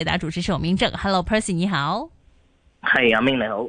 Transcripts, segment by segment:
解答主持是我明正，Hello Percy，你好，嗨，阿明你好。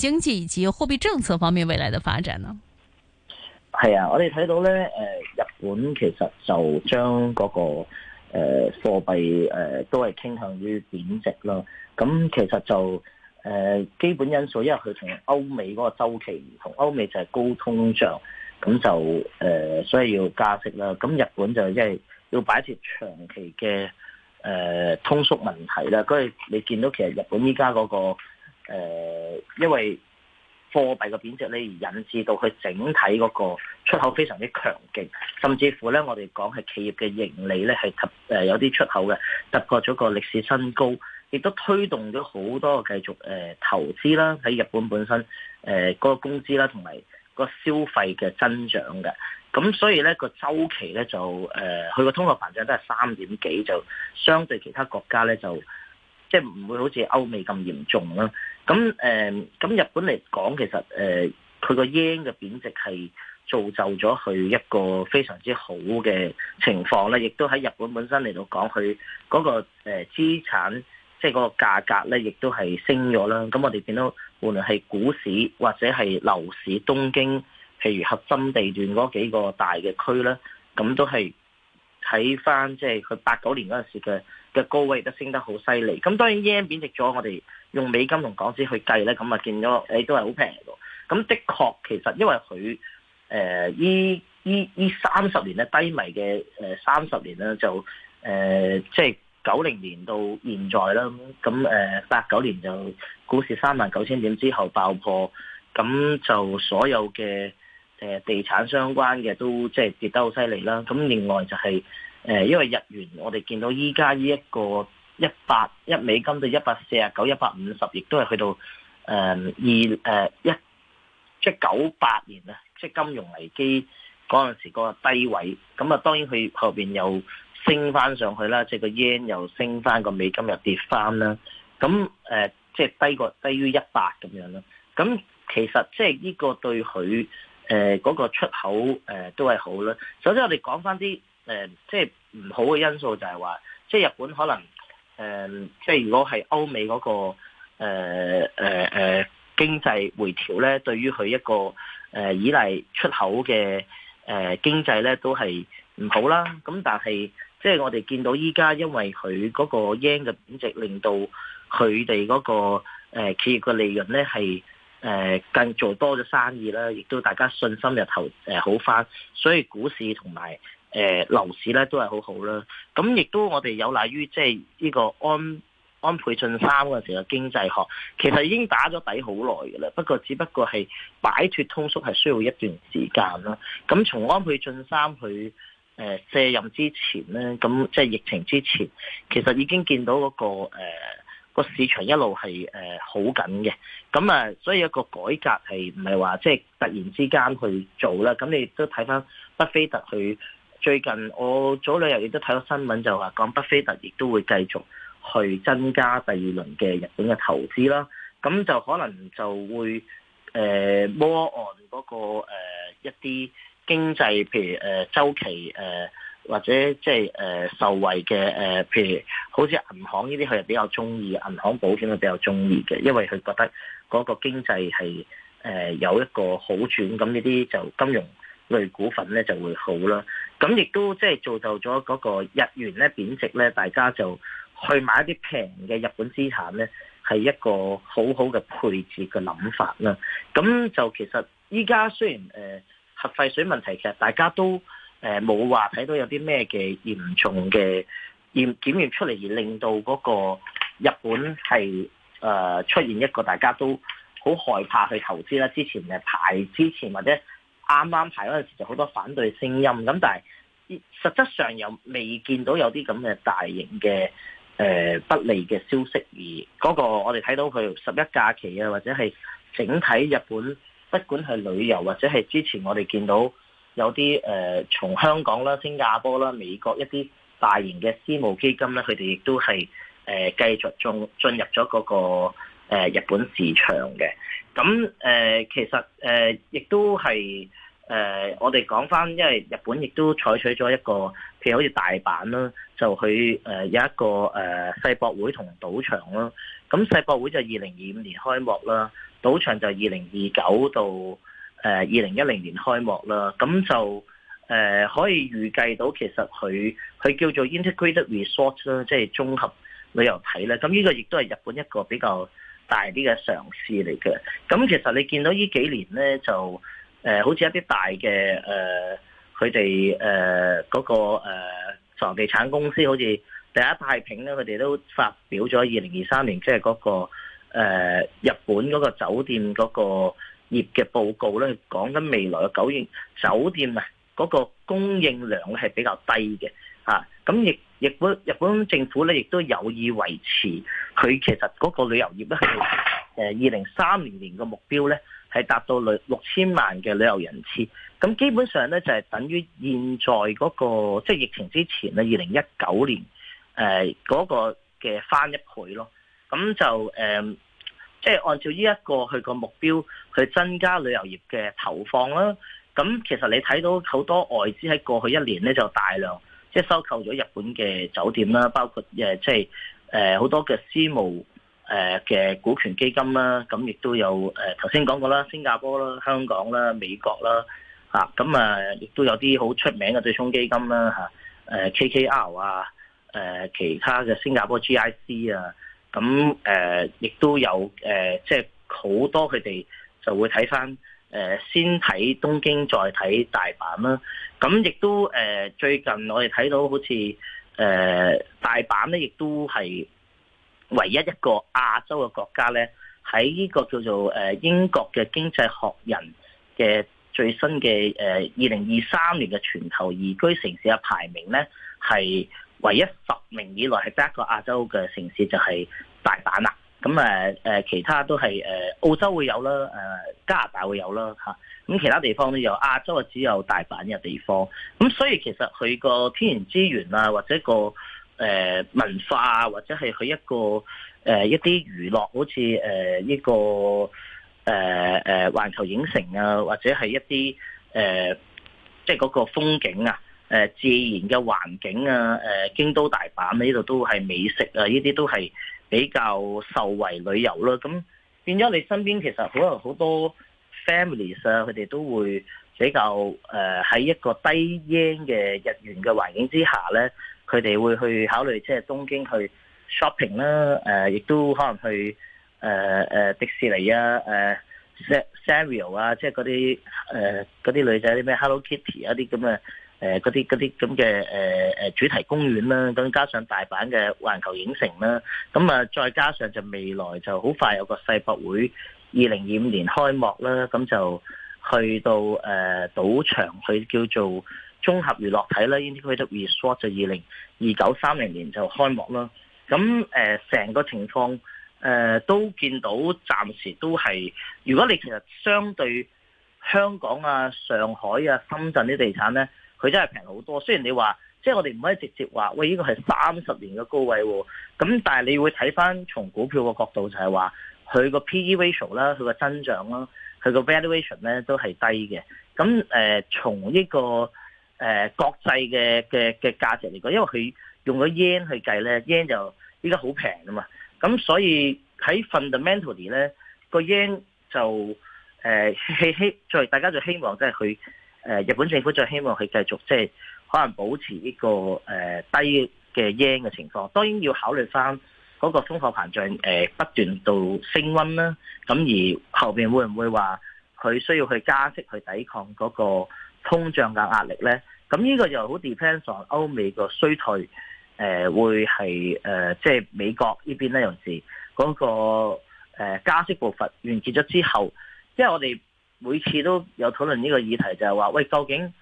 經濟以及貨幣政策方面未來的發展呢？係啊，我哋睇到咧，誒、呃，日本其實就將嗰個誒、呃、貨幣誒、呃、都係傾向於貶值啦。咁其實就誒、呃、基本因素，因為佢同歐美嗰個週期唔同，歐美就係高通脹，咁就誒、呃、所以要加息啦。咁日本就因為要擺脫長期嘅誒、呃、通縮問題啦。咁你，你見到其實日本依家嗰個。誒、呃，因為貨幣嘅貶值咧，而引致到佢整體嗰個出口非常之強勁，甚至乎咧，我哋講係企業嘅盈利咧係突誒有啲出口嘅，突破咗個歷史新高，亦都推動咗好多繼續誒、呃、投資啦，喺日本本身誒嗰、呃那個工資啦，同埋個消費嘅增長嘅。咁所以咧，這個周期咧就誒，佢個通貨膨脹都係三點幾，就、呃、就相對其他國家咧就。即係唔會好似歐美咁嚴重啦。咁誒，咁、呃、日本嚟講，其實誒佢個 yen 嘅、呃、貶值係造就咗佢一個非常之好嘅情況咧。亦都喺日本本身嚟到講，佢嗰、嗰個誒、呃、資產即係嗰個價格咧，亦都係升咗啦。咁我哋見到無論係股市或者係樓市，東京譬如核心地段嗰幾個大嘅區咧，咁都係睇翻即係佢八九年嗰陣時嘅。嘅高位都升得好犀利，咁當然日圓貶值咗，我哋用美金同港紙去計咧，咁啊見咗誒都係好平嘅。咁的確其實因為佢誒依依依三十年咧低迷嘅誒三十年咧就誒即係九零年到現在啦，咁誒八九年就股市三萬九千點之後爆破，咁就所有嘅誒地產相關嘅都即係、就是、跌得好犀利啦。咁另外就係、是。誒，因為日元，我哋見到依家呢一個一百一美金到一百四啊九、一百五十，亦都係去到誒二誒一，即係九八年咧，即係金融危機嗰陣時個低位。咁啊，當然佢後邊又升翻上去啦，即係個 yen 又升翻，個美金又跌翻啦。咁誒，即係低過低於一百咁樣啦。咁其實即係呢個對佢誒嗰個出口誒、呃、都係好啦。首先我哋講翻啲。誒、呃，即係唔好嘅因素就係話，即係日本可能誒、呃，即係如果係歐美嗰、那個誒誒誒經濟回調咧，對於佢一個誒依賴出口嘅誒、呃、經濟咧，都係唔好啦。咁但係即係我哋見到依家，因為佢嗰個 yen 嘅貶值，令到佢哋嗰個、呃、企業嘅利潤咧係誒更做多咗生意啦，亦都大家信心入頭誒好返，所以股市同埋，誒、呃、樓市咧都係好好啦，咁、嗯、亦都我哋有賴於即係呢個安安倍晉三陣時嘅經濟學，其實已經打咗底好耐嘅啦。不過只不過係擺脫通縮係需要一段時間啦。咁、嗯、從安倍晉三去誒、呃、卸任之前咧，咁、嗯、即係疫情之前，其實已經見到嗰、那個誒、呃、市場一路係誒好緊嘅。咁、嗯、啊，所以一個改革係唔係話即係突然之間去做啦？咁你都睇翻巴菲特去。最近我早兩日亦都睇到新聞，就話講巴菲特亦都會繼續去增加第二輪嘅日本嘅投資啦。咁就可能就會誒摩案嗰個一啲經濟，譬如誒週期誒或者即係誒受惠嘅誒，譬如好似銀行呢啲，佢係比較鍾意銀行保險，係比較鍾意嘅，因為佢覺得嗰個經濟係有一個好轉。咁呢啲就金融類股份咧就會好啦。咁亦都即係做到咗嗰個日元咧貶值咧，大家就去買一啲平嘅日本資產咧，係一個好好嘅配置嘅諗法啦。咁就其實依家雖然誒、呃、核廢水問題其實大家都誒冇話睇到有啲咩嘅嚴重嘅驗檢驗出嚟而令到嗰個日本係誒、呃、出現一個大家都好害怕去投資啦。之前嘅排之前或者。啱啱排嗰陣時就好多反對聲音，咁但係實質上又未見到有啲咁嘅大型嘅誒不利嘅消息，而嗰個我哋睇到佢十一假期啊，或者係整體日本，不管係旅遊或者係之前我哋見到有啲誒從香港啦、新加坡啦、美國一啲大型嘅私募基金咧，佢哋亦都係誒繼續進進入咗嗰個。誒日本市場嘅，咁誒、呃、其實誒亦、呃、都係誒、呃、我哋講翻，因為日本亦都採取咗一個，譬如好似大阪啦，就佢誒有一個誒世、呃、博會同賭場啦。咁世博會就二零二五年開幕啦，賭場就二零二九到誒二零一零年開幕啦。咁就誒、呃、可以預計到，其實佢佢叫做 integrated resort 啦，即係綜合旅遊體咧。咁呢個亦都係日本一個比較。大啲嘅嘗試嚟嘅，咁其實你見到呢幾年咧，就誒、呃、好似一啲大嘅誒，佢哋誒嗰個房地、呃、產公司，好似第一太平咧，佢哋都發表咗二零二三年，即係嗰個、呃、日本嗰個酒店嗰個業嘅報告咧，講緊未來九月酒店啊嗰個供應量咧係比較低嘅。啊！咁亦日本日本政府咧，亦都有意維持佢其實嗰個旅遊業咧，喺誒二零三零年嘅目標咧，係達到六千萬嘅旅遊人次。咁基本上咧，就係、是、等於現在嗰、那個即係疫情之前咧，二零一九年誒嗰、呃那個嘅翻一倍咯。咁就誒，即、呃、係、就是、按照呢、這、一個佢個目標去增加旅遊業嘅投放啦。咁其實你睇到好多外資喺過去一年咧，就大量。即係收購咗日本嘅酒店啦，包括誒即係誒好多嘅私募誒嘅、呃、股權基金啦，咁、啊、亦都有誒頭先講過啦，新加坡啦、香港啦、美國啦，啊咁啊亦都有啲好出名嘅對沖基金啦嚇，誒 KKR 啊，誒、呃啊呃、其他嘅新加坡 GIC 啊，咁誒亦都有誒即係好多佢哋就會睇返。誒，先睇東京，再睇大阪啦。咁亦都誒、呃，最近我哋睇到好似誒、呃，大阪咧，亦都係唯一一個亞洲嘅國家咧，喺呢個叫做誒英國嘅《經濟學人》嘅最新嘅誒二零二三年嘅全球宜居城市嘅排名咧，係唯一十名以內係得一個亞洲嘅城市，就係、是、大阪啦。咁誒誒，其他都係誒澳洲會有啦，誒加拿大會有啦嚇。咁其他地方都有亞洲啊，只有大阪嘅地方。咁所以其實佢個天然資源啊，或者個誒、呃、文化啊，或者係佢一個誒、呃、一啲娛樂，好似誒呢個誒誒、呃、環球影城啊，或者係一啲誒即係嗰個風景啊，誒自然嘅環境啊，誒、呃、京都大阪呢度都係美食啊，呢啲都係。比較受惠旅遊啦，咁變咗你身邊其實可能好多 families 啊，佢哋都會比較誒喺、呃、一個低 yen 嘅日元嘅環境之下咧，佢哋會去考慮即係東京去 shopping 啦、啊，誒、呃、亦都可能去誒誒、呃、迪士尼啊，誒、啊、Sanrio 啊，即係嗰啲誒啲女仔啲咩 Hello Kitty 一啲咁啊。誒嗰啲啲咁嘅誒誒主題公園啦，咁加上大阪嘅環球影城啦，咁啊再加上就未來就好快有個世博會，二零二五年開幕啦，咁就去到誒、呃、賭場，佢叫做綜合娛樂體啦，integrated resort，就二零二九三零年就開幕啦。咁誒成個情況誒、呃、都見到，暫時都係如果你其實相對香港啊、上海啊、深圳啲地產咧。佢真係平好多，雖然你話即係我哋唔可以直接話喂呢、呢個係三十年嘅高位喎、哦，咁但係你會睇返從股票嘅角度就係話佢個 P/E ratio 啦，佢個增長啦，佢、嗯呃個 valuation 咧都係低嘅。咁誒從呢個誒國際嘅嘅嘅價值嚟講，因為佢用咗 yen 去計咧，yen 就依家好平啊嘛，咁、嗯、所以喺 fundamentally 咧個 yen 就誒希希，就、呃、 大家就希望即係佢。誒日本政府就希望佢繼續即係可能保持呢個誒、呃、低嘅 yen 嘅情況，當然要考慮翻嗰個通貨膨脹誒、呃、不斷到升溫啦。咁而後邊會唔會話佢需要去加息去抵抗嗰個通脹嘅壓力咧？咁、這、呢個又好 depends on 歐美個衰退誒、呃，會係誒即係美國呢邊呢樣事嗰個誒、呃、加息步伐完結咗之後，因為我哋。每次都有討論呢個議題，就係、是、話：喂，究竟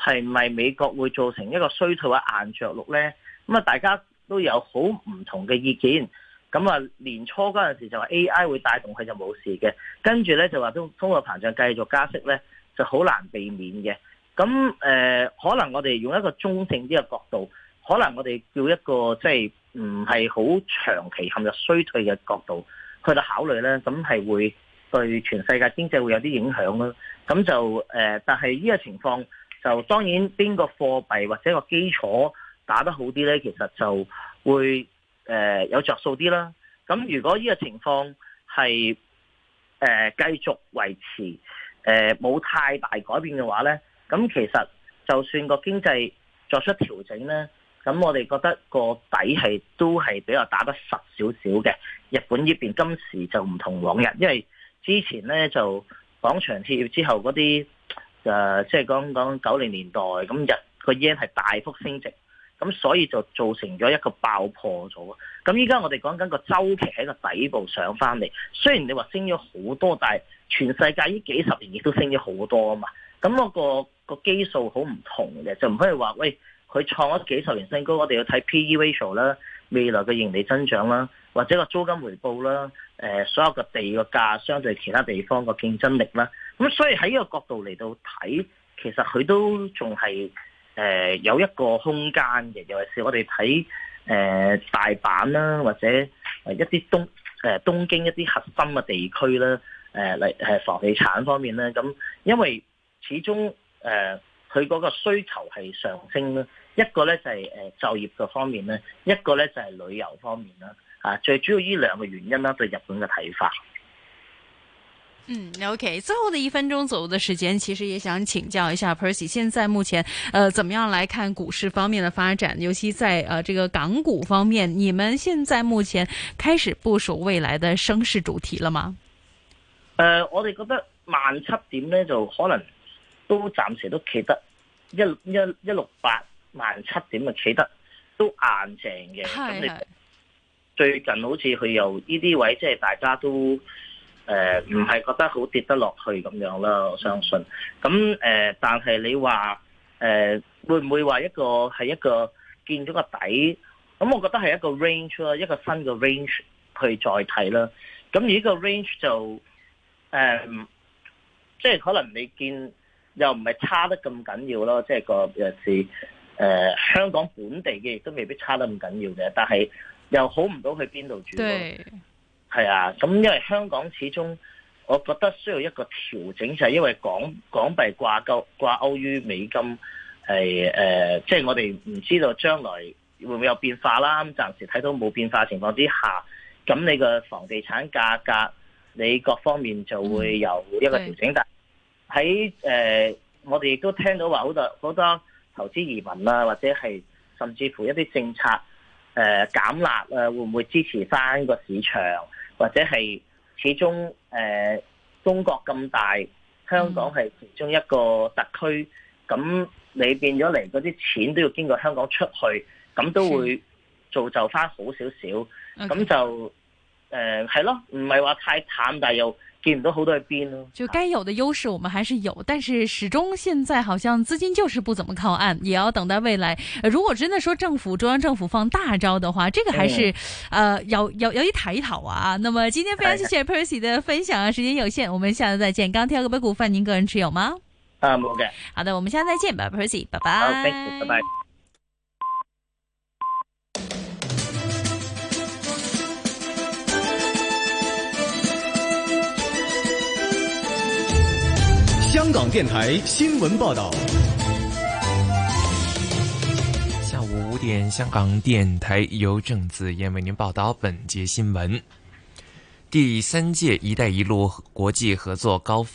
係咪美國會造成一個衰退或硬着陸咧？咁、嗯、啊，大家都有好唔同嘅意見。咁、嗯、啊，年初嗰陣時就話 AI 會帶動佢就冇事嘅，跟住咧就話通貨膨脹繼續加息咧就好難避免嘅。咁、嗯、誒、呃，可能我哋用一個中性啲嘅角度，可能我哋叫一個即係唔係好長期陷入衰退嘅角度去到考慮咧，咁係會。對全世界經濟會有啲影響咯，咁就誒、呃，但係呢個情況就當然邊個貨幣或者個基礎打得好啲呢，其實就會誒、呃、有著數啲啦。咁如果呢個情況係誒、呃、繼續維持，誒、呃、冇太大改變嘅話呢，咁其實就算個經濟作出調整呢，咁我哋覺得個底氣都係比較打得實少少嘅。日本呢邊今時就唔同往日，因為之前咧就廣場協議之後嗰啲誒，即係講講九零年代咁日個 yen 係大幅升值，咁所以就造成咗一個爆破咗。咁依家我哋講緊個週期喺個底部上返嚟，雖然你話升咗好多，但係全世界呢幾十年亦都升咗好多啊嘛。咁嗰、嗰個個基數好唔同嘅，就唔可以話，喂，佢創咗幾十年新高，我哋要睇 P/E ratio 啦、未來嘅盈利增長啦，或者個租金回報啦。誒，所有嘅地嘅價相對其他地方嘅競爭力啦，咁所以喺呢個角度嚟到睇，其實佢都仲係誒有一個空間嘅，尤其是我哋睇誒大阪啦，或者一啲東誒、呃、東京一啲核心嘅地區啦，誒嚟誒房地產方面咧，咁因為始終誒佢嗰個需求係上升啦，一個咧就係、是、誒就業嘅方面咧，一個咧就係、是、旅遊方面啦。啊，最主要呢兩個原因啦、啊，對日本嘅睇法。嗯，OK，最後的一分鐘左右嘅時間，其實也想請教一下 Percy，現在目前，呃，怎麼樣來看股市方面嘅發展？尤其在呃，這個港股方面，你們現在目前開始部署未來的升勢主題了嗎？呃，我哋覺得萬七點呢，就可能都暫時都企得一一一六八萬七點啊，企得都硬淨嘅。最近好似佢由呢啲位，即係大家都誒，唔係覺得好跌得落去咁樣啦。我相信。咁誒，但係你話誒，會唔會話一個係一個見咗個底？咁我覺得係一個 range 咯，一個新嘅 range 去再睇啦。咁而呢個 range 就誒，即係可能你見又唔係差得咁緊要咯。即係個誒是誒香港本地嘅亦都未必差得咁緊要嘅，但係。又好唔到去邊度住？係啊對，咁因為香港始終，我覺得需要一個調整，就係、是、因為港港幣掛鈎掛鈎於美金，係、呃、誒、即、呃、係、就是、我哋唔知道將來會唔會有變化啦。咁暫時睇到冇變化情況之下，咁你個房地產價格，格，你各方面就會有一個調整。對但喺誒、呃，我哋亦都聽到話好多好多投資移民呀，或者係甚至乎一啲政策。誒、呃、減辣啊，會唔會支持翻個市場？或者係始終誒、呃、中國咁大，香港係其中一個特區，咁你變咗嚟嗰啲錢都要經過香港出去，咁都會造就翻好少少，咁就誒係咯，唔係話太淡，但係又。見唔到好多喺邊咯，就該有的優勢我們還是有，但是始終現在好像資金就是不怎麼靠岸，也要等待未來。如果真的說政府中央政府放大招的話，這個還是，嗯、呃，要要要一討一討啊。那麼今天非常謝謝 Percy 的分享啊，時間有限，我們下次再見。剛剛個杯股份，您個人持有嗎？啊，冇嘅。好的，我們下次再見吧，吧 p e r c y 拜拜。香港電台新聞報道，下午五點，香港電台由鄭子燕為您報道本節新聞。第三屆“一帶一路”國際合作高峰。